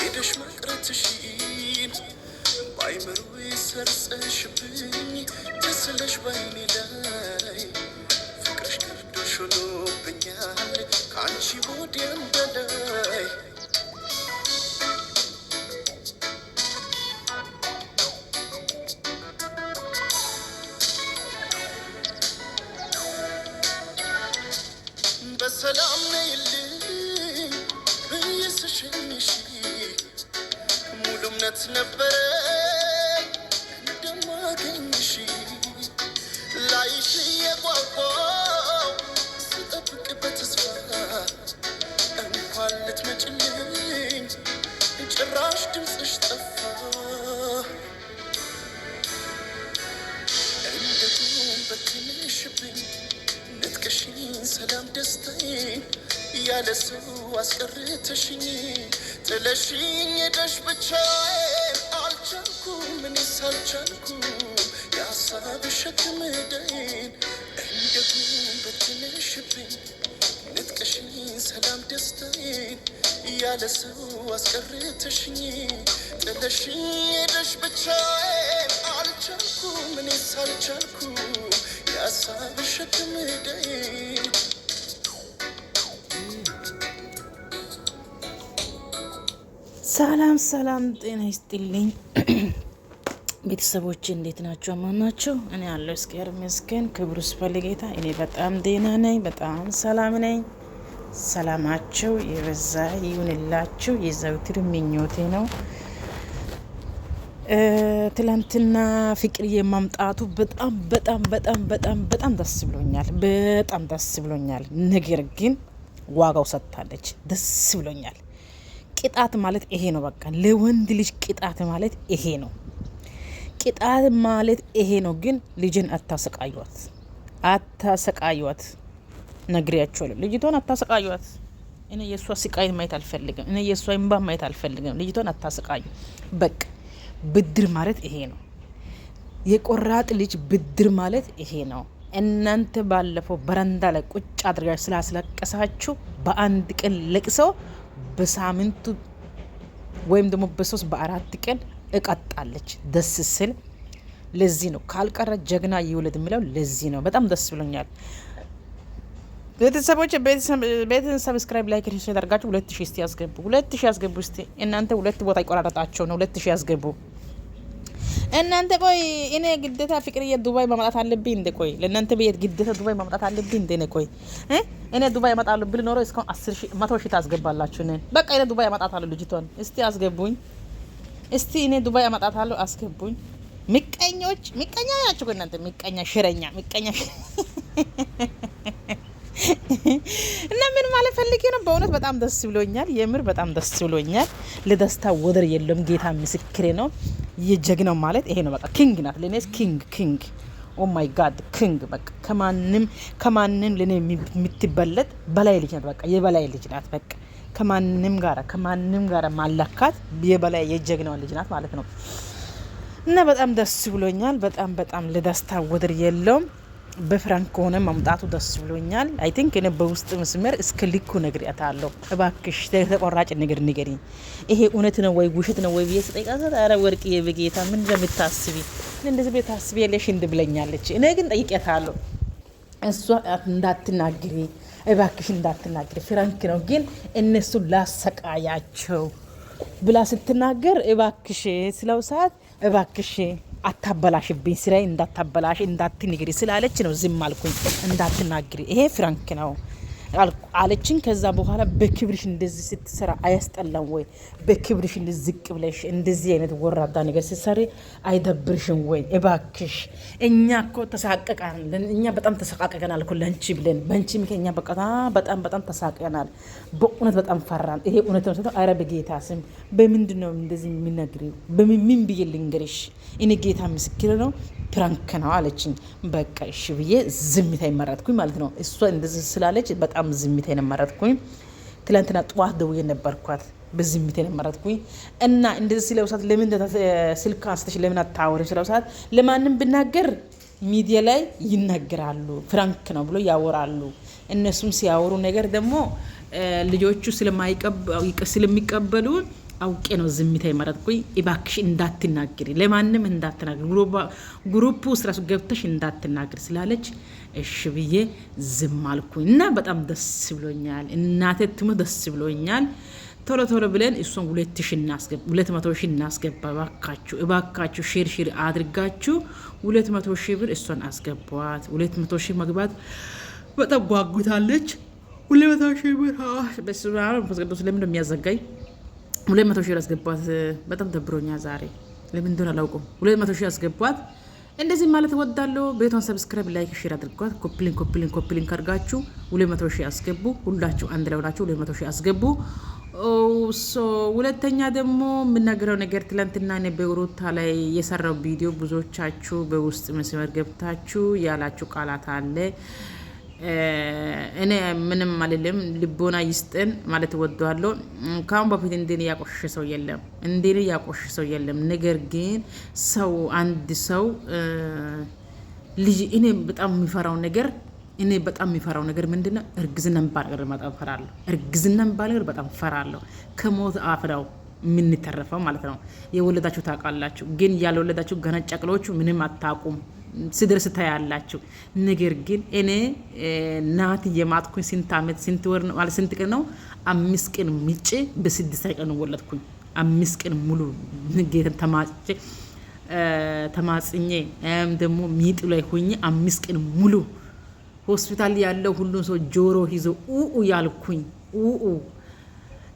ሄደሽ መቅረትሽን ባይምሩ ሰርጸሽብኝ ትስለሽ ባይኔ ላይ ፍቅርሽ ቀርዶሽ ሆኖብኛል ከአንቺ ወዲያም በላይ ትንሽ ሙሉ እምነት ነበረ እንደማገኝሽ ላይሽ የጓጓው ስጠብቅ በተስፋ እንኳን ልትመጭልኝ ጭራሽ ድምፅሽ ጠፋ። እንደቱም በትንሽብኝ ነጥቀሽኝ ሰላም ደስታዬ ያለሱ አስቀርተሽኝ ጥለሽኝ ሄደሽ ብቻዬን አልቻልኩም እኔስ አልቻልኩም የሀሳብሽ ሸክም ደይን እንደጉም በትንሽብኝ ንጥቀሽኝ ሰላም ደስታዬን ያለሱ አስቀርተሽኝ ጥለሽኝ ሄደሽ ብቻዬን አልቻልኩም እኔስ አልቻልኩም የሀሳብሽ ሸክም ደይን ሰላም ሰላም፣ ጤና ይስጥልኝ ቤተሰቦች፣ እንዴት ናቸው? አማን ናቸው? እኔ ያለው እስኪር መስገን ክብሩ ስፈልጌታ እኔ በጣም ጤና ነኝ፣ በጣም ሰላም ነኝ። ሰላማቸው የበዛ ይሁንላቸው የዘውትር ምኞቴ ነው። ትላንትና ፍቅር የማምጣቱ በጣም በጣም በጣም በጣም በጣም ደስ ብሎኛል። በጣም ደስ ብሎኛል። ነገር ግን ዋጋው ሰጥታለች። ደስ ብሎኛል። ቅጣት ማለት ይሄ ነው። በቃ ለወንድ ልጅ ቅጣት ማለት ይሄ ነው። ቅጣት ማለት ይሄ ነው። ግን ልጅን አታሰቃዩት፣ አታሰቃዩት። ነግሪያቸዋለሁ። ልጅቷን አታሰቃዩት። እኔ የእሷ ስቃይ ማየት አልፈልግም። እኔ የእሷ እንባ ማየት አልፈልግም። ልጅቷን አታሰቃዩ። በቃ ብድር ማለት ይሄ ነው። የቆራጥ ልጅ ብድር ማለት ይሄ ነው። እናንተ ባለፈው በረንዳ ላይ ቁጭ አድርጋችሁ ስላስለቀሳችሁ በአንድ ቀን ለቅሰው በሳምንቱ ወይም ደግሞ በሶስት በአራት ቀን እቀጣለች። ደስ ስል ለዚህ ነው ካልቀረ ጀግና ይውለድ የሚለው ለዚህ ነው። በጣም ደስ ብሎኛል። ቤተሰቦች ቤትን ሰብስክራይብ ላይክ ሸር አድርጋችሁ ሁለት ሺ እስቲ ያስገቡ። ሁለት ሺ ያስገቡ እስቲ እናንተ ሁለት ቦታ ይቆራረጣቸው ነው። ሁለት ሺ ያስገቡ። እናንተ ቆይ እኔ ግዴታ ፍቅርዬ ዱባይ ማምጣት አለብኝ እንዴ? ቆይ ለእናንተ ብዬ ግዴታ ዱባይ ማምጣት አለብኝ እንዴ? ቆይ እኔ ዱባይ ያመጣሉ ብል ኖሮ እስካሁን መቶ ሺህ ታስገባላችሁ። እኔን በቃ እኔ ዱባይ ያመጣታለሁ ልጅቷን። እስቲ አስገቡኝ፣ እስቲ እኔ ዱባይ ያመጣታለሁ፣ አስገቡኝ። ምቀኞች፣ ምቀኛ ናቸው እናንተ፣ ምቀኛ ሽረኛ፣ ምቀኛ እና ምን ማለት ፈልጌ ነው፣ በእውነት በጣም ደስ ብሎኛል። የምር በጣም ደስ ብሎኛል። ለደስታ ወደር የለውም። ጌታ ምስክሬ ነው። የጀግናው ማለት ይሄ ነው። በቃ ኪንግ ናት ለኔስ፣ ኪንግ ኪንግ፣ ኦ ማይ ጋድ ኪንግ። በቃ ከማንም ከማንም ለኔ የምትበለጥ በላይ ልጅ ናት። በቃ የበላይ ልጅ ናት። በቃ ከማንም ጋራ ከማንም ጋራ ማለካት የበላይ የጀግናው ልጅ ናት ማለት ነው። እና በጣም ደስ ብሎኛል። በጣም በጣም ለደስታ ወደር የለውም። በፍራንክ ከሆነ መምጣቱ ደስ ብሎኛል። አይ ቲንክ እኔ በውስጥ መስመር እስከ ልኩ ነግሬያታለሁ። እባክሽ ተቆራጭ ነገር ንገሪኝ፣ ይሄ እውነት ነው ወይ ውሸት ነው ወይ ብዬ ስጠይቃት፣ ኧረ ወርቅ በጌታ ምን እንደምታስቢ እንደዚህ ቤት ታስቢ የለሽ ብለኛለች። እኔ ግን ጠይቄታለሁ። እሷ እንዳትናግሪ እባክሽ እንዳትናግሪ፣ ፍራንክ ነው ግን እነሱ ላሰቃያቸው ብላ ስትናገር እባክሽ ስለው ሰዓት እባክሽ አታበላሽብኝ፣ ስራዬ እንዳታበላሽ እንዳትንግሪ ስላለች ነው ዝም አልኩኝ። እንዳትናግሪ ይሄ ፍራንክ ነው አለችን። ከዛ በኋላ በክብርሽ እንደዚህ ስትሰራ አያስጠላም ወይ? በክብርሽ ዝቅ ብለሽ እንደዚህ አይነት ወራዳ ነገር ስትሰሪ አይደብርሽም ወይ? እባክሽ እኛ እኮ ተሳቀቃለን። እኛ በጣም ተሰቃቀቀናል እኮ ለንቺ ብለን በንቺ ምክንያት እኛ በጣም በጣም ተሳቀናል። በእውነት በጣም ፈራን። ይሄ እውነት ነው። አረ በጌታ ስም በምንድን ነው እንደዚህ የሚነግሪው? በምን ብዬ ልንገርሽ? እኔ ጌታ ምስክር ነው። ፕራንክ ነው አለችኝ። በቃ እሺ ብዬ ዝምታ ይመረጥኩኝ ማለት ነው። እሷ እንደዚህ ስላለች በጣም ዝምታ ይመረጥኩኝ። ትላንትና ጠዋት ደውዬ ነበርኳት በዝምታ የመረጥኩኝ እና እንደዚህ ስለውሳት ለምን ስልክ አንስተሽ ለምን አታወሪም? ስለውሳት ለማንም ብናገር ሚዲያ ላይ ይነግራሉ፣ ፍራንክ ነው ብሎ ያወራሉ። እነሱም ሲያወሩ ነገር ደግሞ ልጆቹ ስለሚቀበሉ አውቄ ነው ዝምታ የመረጥኩ። እባክሽ እንዳትናገሪ፣ ለማንም እንዳትናገሪ፣ ግሩፕ ውስጥ ራሱ ገብተሽ እንዳትናገሪ ስላለች እሽ ብዬ ዝም አልኩኝ እና በጣም ደስ ብሎኛል። እናቴ ትሙት ደስ ብሎኛል። ቶሎ ቶሎ ብለን እሱን ሁለት መቶ ሺ እናስገባ። እባካችሁ እባካችሁ ሽር ሽር አድርጋችሁ ሁለት መቶ ሺ ብር እሷን አስገቧት። ሁለት መቶ ሺ መግባት በጣም ጓጉታለች። ሁለት መቶ ሺ ብር በስ አብ ቅዱስ ለምን ነው የሚያዘጋኝ? ሁለት መቶ ሺህ አስገቧት። በጣም ደብሮኛ ዛሬ ለምን እንደሆነ አላውቅም። ሁለት መቶ ሺህ አስገቧት። እንደዚህ ማለት እወዳለሁ። ቤቷን ሰብስክራይብ፣ ላይክ፣ ሼር አድርጓት። ኮፕሊን ኮፕሊን ኮፕሊን ካድርጋችሁ ሁለት መቶ ሺህ አስገቡ። ሁላችሁ አንድ ላይ ሆናችሁ ሁለት መቶ ሺህ አስገቡ። ሶ ሁለተኛ ደግሞ የምናገረው ነገር ትላንትና እኔ በሩታ ላይ የሰራው ቪዲዮ ብዙዎቻችሁ በውስጥ መስመር ገብታችሁ ያላችሁ ቃላት አለ እኔ ምንም አልልም። ልቦና ይስጥን ማለት ወደዋለሁ። ካሁን በፊት እንዲህ ያቆሸሸ ሰው የለም፣ እንዲህ ያቆሸሸ ሰው የለም። ነገር ግን ሰው አንድ ሰው ልጅ እኔ በጣም የሚፈራው ነገር እኔ በጣም የሚፈራው ነገር ምንድን ነው? እርግዝና የሚባል ነገር በጣም ፈራለሁ። እርግዝና የሚባል ነገር በጣም ፈራለሁ። ከሞት አፍ የምንተረፈው ማለት ነው። የወለዳችሁ ታውቃላችሁ፣ ግን ያልወለዳችሁ ገና ጨቅሎቹ ምንም አታውቁም። ስደርስ ታያላችሁ። ነገር ግን እኔ ናት የማጥኩኝ ስንት ዓመት ስንት ወር ነው ማለት ስንት ቀን ነው? አምስት ቀን ምጭ በስድስት ቀን ወለድኩኝ። አምስት ቀን ሙሉ ንጌተን ተማጭ ተማጽኜ ደግሞ ሚጥ ላይ ሆኜ አምስት ቀን ሙሉ ሆስፒታል ያለው ሁሉም ሰው ጆሮ ይዞ ኡኡ ያልኩኝ ኡኡ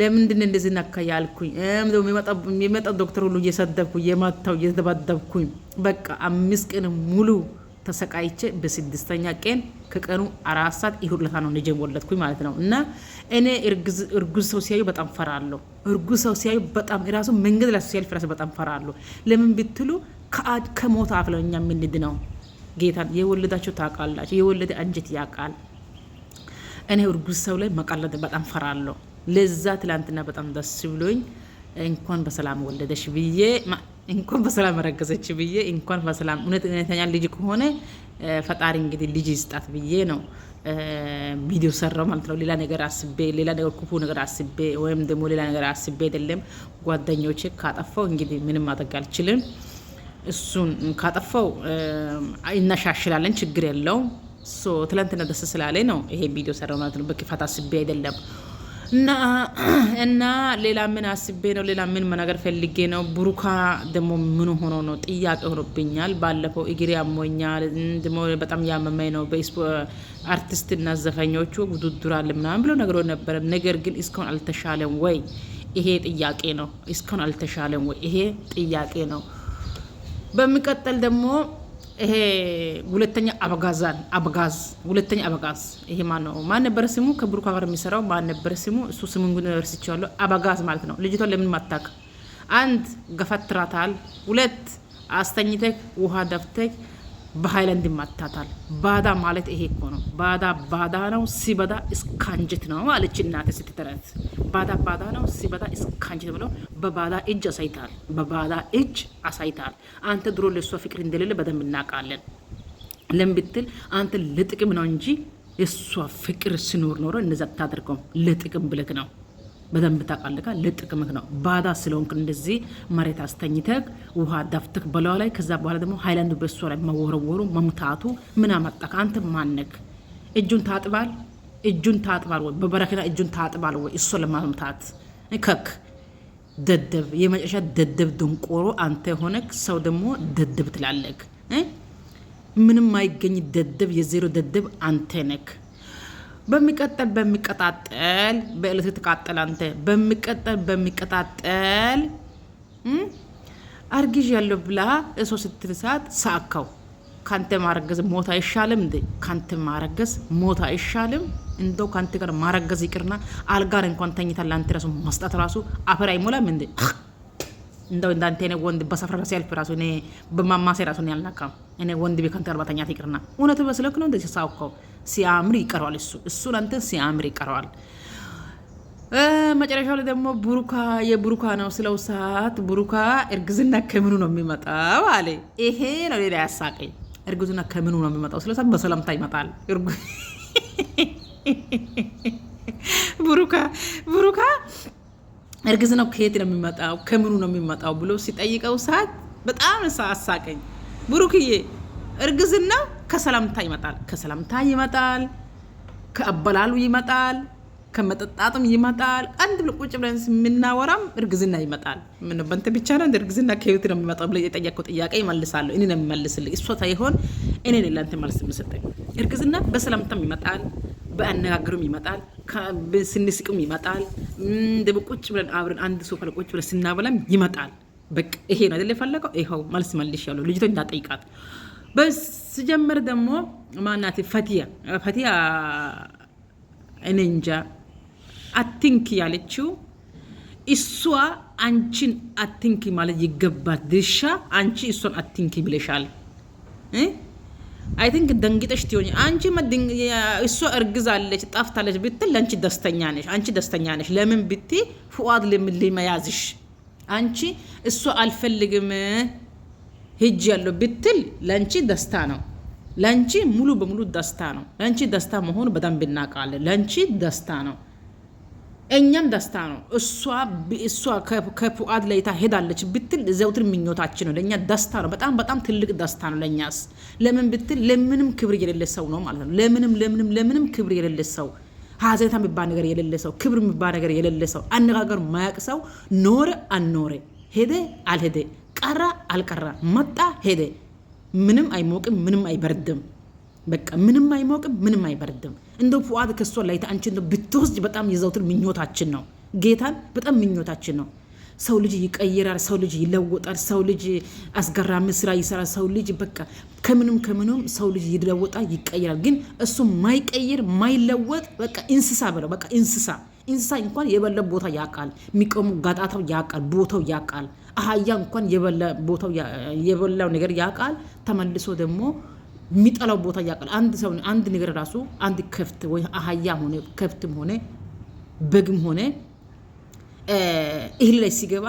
ለምንድን እንደዚህ ነካ ያልኩኝ የሚመጣ ዶክተር ሁሉ እየሰደብኩኝ እየመታው እየተደባደብኩኝ በቃ አምስት ቀን ሙሉ ተሰቃይቼ በስድስተኛ ቀን ከቀኑ አራት ሰዓት ይሁለታ ነው ልጄ ወለድኩኝ ማለት ነው። እና እኔ እርጉዝ ሰው ሲያዩ በጣም ፈራለሁ። እርጉዝ ሰው ሲያዩ በጣም ራሱ መንገድ ላይ ሲያልፍ ራሱ በጣም ፈራለሁ። ለምን ብትሉ ከአድ ከሞት አፍ ለኛ የምንድ ነው ጌታን የወለዳቸው ታውቃላቸው። የወለደ አንጀት ያውቃል። እኔ እርጉዝ ሰው ላይ መቀለድ በጣም ፈራለሁ። ለዛ ትላንትና በጣም ደስ ብሎኝ እንኳን በሰላም ወለደሽ ብዬ እንኳን በሰላም ረገዘች ብዬ እንኳን በሰላም እውነተኛ ልጅ ከሆነ ፈጣሪ እንግዲህ ልጅ ይስጣት ብዬ ነው ቪዲዮ ሰራው ማለት ነው። ሌላ ነገር አስቤ ሌላ ነገር ክፉ ነገር አስቤ ወይም ደግሞ ሌላ ነገር አስቤ አይደለም። ጓደኞቼ ካጠፋው እንግዲህ ምንም ማድረግ አልችልም። እሱን ካጠፋው እናሻሽላለን፣ ችግር የለውም። ትላንትና ደስ ስላለ ነው ይሄ ቪዲዮ ሰራው ማለት ነው። በክፋት አስቤ አይደለም። እና ሌላ ምን አስቤ ነው? ሌላ ምን መናገር ፈልጌ ነው? ቡሩካ ደግሞ ምን ሆኖ ነው ጥያቄ ሆኖብኛል። ባለፈው እግሬ ያሞኛል፣ ደግሞ በጣም ያመመኝ ነው አርቲስት እና ዘፋኞቹ ውድድር አለ ምናምን ብሎ ነግሮ ነበረ። ነገር ግን እስካሁን አልተሻለም ወይ? ይሄ ጥያቄ ነው። እስካሁን አልተሻለም ወይ? ይሄ ጥያቄ ነው። በሚቀጠል ደግሞ ይሄ ሁለተኛ አበጋዛን አበጋዝ ሁለተኛ አበጋዝ ይሄ ማን ነው? ማን ስሙ? ጋር የሚሰራው ማን ስሙ? እሱ ስሙን ግን ረስቼዋለሁ። አበጋዝ ማለት ነው። ልጅቷን ለምን ማታክ? አንድ ገፈትራታል፣ ሁለት አስተኝተክ ውሃ ደፍተክ በሀይለንድ ይመታታል። ባዳ ማለት ይሄ እኮ ነው። ባዳ ባዳ ነው፣ ሲበዳ እስካንጅት ነው አለች እናት ስትተረት። ባዳ ባዳ ነው፣ ሲበዳ እስካንጅት ብለው በባዳ እጅ አሳይታል። በባዳ እጅ አሳይታል። አንተ ድሮ ለእሷ ፍቅር እንደሌለ በደንብ እናውቃለን። ለምን ብትል አንተ ለጥቅም ነው እንጂ የእሷ ፍቅር ሲኖር ኖሮ እነዛ ታደርገውም ለጥቅም ብለክ ነው በደንብ ታቃልቃ ለጥቅምክ ነው። ባዳ ስለሆንክ እንደዚህ መሬት አስተኝተክ ውሃ ዳፍተህ በለዋ ላይ ከዛ በኋላ ደግሞ ሀይላንዱ በሷ ላይ መወረወሩ መምታቱ ምን አመጣህ? አንተ ማነክ? እጁን ታጥባል እጁን ታጥባል ወይ በበረኪና እጁን ታጥባል ወይ እሷ ለማምታት ከክ ደደብ፣ የመጨረሻ ደደብ ድንቆሮ አንተ የሆነክ ሰው ደግሞ ደደብ ትላለክ። ምንም አይገኝ ደደብ፣ የዜሮ ደደብ አንተ ነክ። በሚቀጠል በሚቀጣጠል በእለት የተቃጠል አንተ በሚቀጠል በሚቀጣጠል አርግዥ ያለው ብላ እሶ ስትልሳት ሳካው ካንተ ማረገዝ ሞት አይሻልም እንዴ? ካንተ ማረገዝ ሞት አይሻልም? እንደው ካንተ ጋር ማረገዝ ይቅርና አልጋር እንኳን ተኝታ ለአንተ ራሱ መስጠት ራሱ አፈር አይሞላም እንዴ? እንደው እንዳንተ ነ ወንድ በሰፈር ሲያልፍ ራሱ እኔ በማማሴ ራሱ ያልናካም እኔ ወንድ ቤት ካንተ ጋር ባተኛት ይቅርና እውነት በስለክ ነው እንደዚህ ሳውካው ሲያምር ይቀረዋል። እሱ እሱን አንተ ሲያምር ይቀረዋል። መጨረሻው ላይ ደግሞ ቡሩካ የቡሩካ ነው ስለው ሰዓት ቡሩካ እርግዝና ከምኑ ነው የሚመጣው አለ። ይሄ ነው ሌላ ያሳቀኝ። እርግዝና ከምኑ ነው የሚመጣው ስለው ሰዓት በሰላምታ ይመጣል። ቡሩካ ቡሩካ እርግዝናው ከየት ነው የሚመጣው ከምኑ ነው የሚመጣው ብሎ ሲጠይቀው ሰዓት በጣም አሳቀኝ ቡሩክዬ እርግዝና ከሰላምታ ይመጣል። ከሰላምታ ይመጣል፣ ከአበላሉ ይመጣል፣ ከመጠጣጥም ይመጣል። አንድ ብሎ ቁጭ ብለን የምናወራም እርግዝና ይመጣል። ምን በንተ ብቻ ነው እርግዝና ከህይወት ነው የሚመጣው ብለ የጠየቀው ጥያቄ ይመልሳለሁ። እኔ ነው የሚመልስልኝ፣ እሷ ሳይሆን እኔ ነው ለአንተ መልስ የምሰጠኝ። እርግዝና በሰላምታም ይመጣል፣ በአነጋገሩም ይመጣል፣ ስንስቅም ይመጣል። ደግሞ ቁጭ ብለን አብረን አንድ ሶፋ ላይ ቁጭ ብለን ስናበላም ይመጣል። በቃ ይሄ ነው አይደል የፈለገው። ይኸው መልስ መልሽ ያለው ልጅቶ እንዳጠይቃት በስጀምር ደግሞ ማናት ፈቲያ ፈቲያ እንንጃ እንጃ አትንክ ያለችው እሷ አንቺን አትንክ ማለት ይገባት ድርሻ አንቺ እሷን አትንክ ብለሻል። አይ ቲንክ ደንግጠሽ ትሆኝ አንቺ እሷ እርግዛለች ጣፍታለች ብትል ለአንቺ ደስተኛ ነሽ። አንቺ ደስተኛ ነሽ። ለምን ብትይ ፍዋድ ልመያዝሽ አንቺ እሷ አልፈልግም ህጅ ያለው ብትል ለአንቺ ደስታ ነው። ለአንቺ ሙሉ በሙሉ ደስታ ነው። ለአንቺ ደስታ መሆኑ በደንብ እናውቃለን። ለአንቺ ደስታ ነው፣ እኛም ደስታ ነው። እሷ እሷ ከፉአድ ለይታ ሄዳለች ብትል ዘውትር ምኞታችን ነው። ለእኛ ደስታ ነው። በጣም በጣም ትልቅ ደስታ ነው ለእኛስ። ለምን ብትል ለምንም ክብር የሌለ ሰው ነው ማለት ነው። ለምንም ለምንም ለምንም ክብር የሌለ ሰው ሀዘኔታ የሚባል ነገር የሌለ ሰው፣ ክብር የሚባል ነገር የሌለ ሰው፣ አነጋገር ማያቅ ሰው፣ ኖረ አኖረ ሄደ አልሄደ ቀራ አልቀራ፣ መጣ ሄደ፣ ምንም አይሞቅም፣ ምንም አይበርድም። በቃ ምንም አይሞቅም፣ ምንም አይበርድም። እንደው ፉአድ ከሷ ላይ አንቺ ብትወስድ በጣም የዘውትር ምኞታችን ነው። ጌታን በጣም ምኞታችን ነው። ሰው ልጅ ይቀይራል። ሰው ልጅ ይለወጣል። ሰው ልጅ አስገራሚ ስራ ይሰራል። ሰው ልጅ በቃ ከምንም ከምንም ሰው ልጅ ይለወጣል፣ ይቀይራል። ግን እሱ ማይቀይር ማይለወጥ በቃ እንስሳ በለው በቃ እንስሳ እንስሳ እንኳን የበለ ቦታ ያውቃል። የሚቀሙ ጋጣታው ያውቃል፣ ቦታው ያውቃል። አህያ እንኳን የበላው ነገር ያውቃል። ተመልሶ ደግሞ የሚጠላው ቦታ ያውቃል። አንድ ሰው አንድ ነገር ራሱ አንድ ከፍት ወይ አህያ ሆነ ከፍትም ሆነ በግም ሆነ እህል ላይ ሲገባ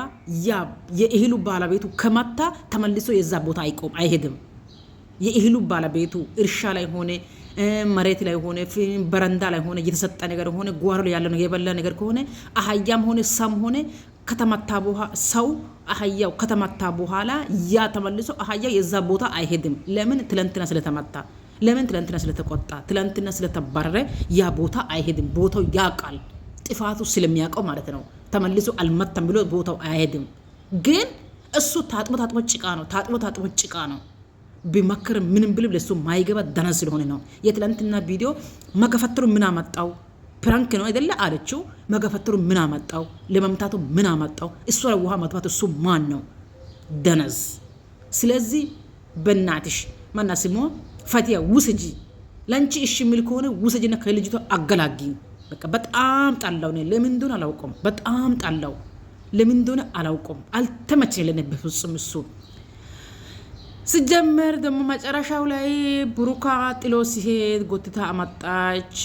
ያ የእህሉ ባለቤቱ ከመታ ተመልሶ የዛ ቦታ አይቆም አይሄድም። የእህሉ ባለቤቱ እርሻ ላይ ሆነ መሬት ላይ ሆነ በረንዳ ላይ ሆነ እየተሰጠ ነገር ሆነ ጓሮ ላይ ያለ የበላ ነገር ከሆነ አህያም ሆነ ሰም ሆነ ከተመታ ሰው አህያው ከተመታ በኋላ ያ ተመልሶ አህያው የዛ ቦታ አይሄድም። ለምን? ትለንትና ስለተመታ፣ ለምን? ትለንትና ስለተቆጣ፣ ትለንትና ስለተባረረ ያ ቦታ አይሄድም። ቦታው ያውቃል፣ ጥፋቱ ስለሚያውቀው ማለት ነው። ተመልሶ አልመታም ብሎ ቦታው አይሄድም። ግን እሱ ታጥቦ ታጥቦ ጭቃ ነው። ታጥቦ ታጥቦ ጭቃ ነው። ቢመክር ምንም ብልም ለሱ ማይገባ ደና ስለሆነ ነው። የትላንትና ቪዲዮ መገፈተሩ ምን አመጣው? ፕራንክ ነው አይደለ አለችው። መገፈተሩ ምን አመጣው? ለመምታቱ ምን አመጣው? እሱ ላይ ውሃ ማጥፋት እሱ ማን ነው? ደነዝ። ስለዚህ በናትሽ ማና ስሞ ፈቲያ ውስጂ፣ ለአንቺ እሺ የሚል ከሆነ ውስጂና ከልጅቷ አገላጊ። በቃ በጣም ጣላው ነው። ለምን እንደሆነ አላውቀም። በጣም ጣላው። ለምን እንደሆነ አላውቀም። አልተመቸኝ ለኔ በፍጹም እሱ ስጀመር ደግሞ መጨረሻው ላይ ብሩካ ጥሎ ሲሄድ ጎትታ አመጣች፣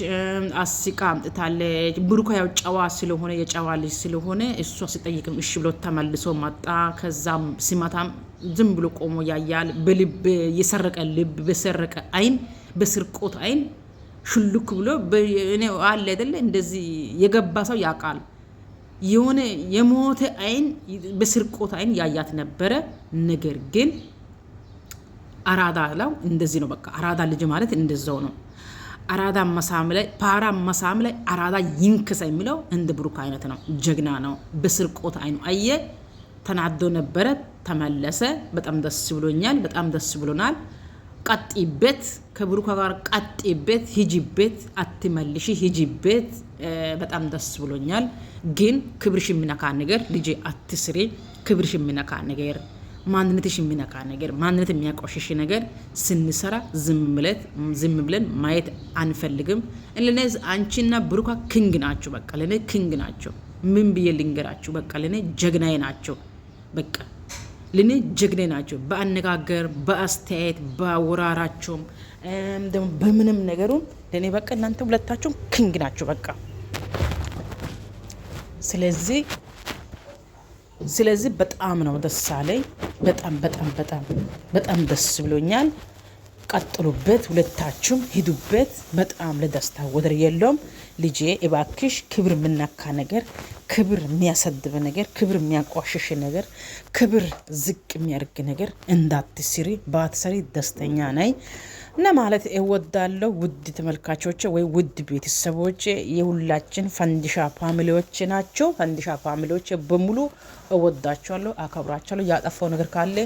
አስቃ አምጥታለች። ብሩካ ያው ጨዋ ስለሆነ የጨዋ ልጅ ስለሆነ እሷ ሲጠይቅም እሺ ብሎ ተመልሶ መጣ። ከዛም ሲመታም ዝም ብሎ ቆሞ ያያል። በልብ የሰረቀ ልብ፣ በሰረቀ አይን፣ በስርቆት አይን ሹልክ ብሎ አለ አይደለ? እንደዚህ የገባ ሰው ያውቃል። የሆነ የሞተ አይን፣ በስርቆት አይን ያያት ነበረ ነገር ግን አራዳ ለው እንደዚህ ነው። በቃ አራዳ ልጅ ማለት እንደዛው ነው። አራዳ መሳም ላይ ፓራ መሳም ላይ አራዳ ይንክሳ የሚለው እንደ ብሩክ አይነት ነው። ጀግና ነው። በስርቆት አይኑ አየ ተናዶ ነበረ፣ ተመለሰ። በጣም ደስ ብሎኛል። በጣም ደስ ብሎናል። ቀጥይበት፣ ከብሩክ ጋር ቀጥይበት፣ ሂጂበት፣ አትመልሽ፣ ሂጂበት። በጣም ደስ ብሎኛል። ግን ክብርሽ የሚነካ ነገር ልጅ አትስሪ፣ ክብርሽ የሚነካ ነገር ማንነትሽ የሚነካ ነገር፣ ማንነት የሚያቆሽሽ ነገር ስንሰራ ዝም ብለን ማየት አንፈልግም። ለእኔ አንቺና ብሩኳ ክንግ ናቸው። በቃ ለእኔ ክንግ ናቸው። ምን ብዬ ልንገራቸው? በቃ ለእኔ ጀግናዬ ናቸው። በቃ ለእኔ ጀግናዬ ናቸው። በአነጋገር በአስተያየት በአወራራቸውም ደግሞ በምንም ነገሩ ለእኔ በቃ እናንተ ሁለታቸውም ክንግ ናቸው። በቃ ስለዚህ ስለዚህ በጣም ነው ደስ አለኝ። በጣም በጣም በጣም በጣም ደስ ብሎኛል። ቀጥሉበት፣ ሁለታችሁም ሂዱበት። በጣም ለደስታ ወደር የለውም። ልጄ እባክሽ ክብር የምናካ ነገር፣ ክብር የሚያሰድብ ነገር፣ ክብር የሚያቋሽሽ ነገር፣ ክብር ዝቅ የሚያደርግ ነገር እንዳትስሪ። ባትሰሪ ደስተኛ ነኝ። እና ማለት እወዳለሁ። ውድ ተመልካቾች ወይ ውድ ቤተሰቦች የሁላችን ፈንዲሻ ፋሚሊዎች ናቸው። ፈንዲሻ ፋሚሊዎች በሙሉ እወዳቸዋለሁ፣ አከብራቸዋለሁ። ያጠፋው ነገር ካለ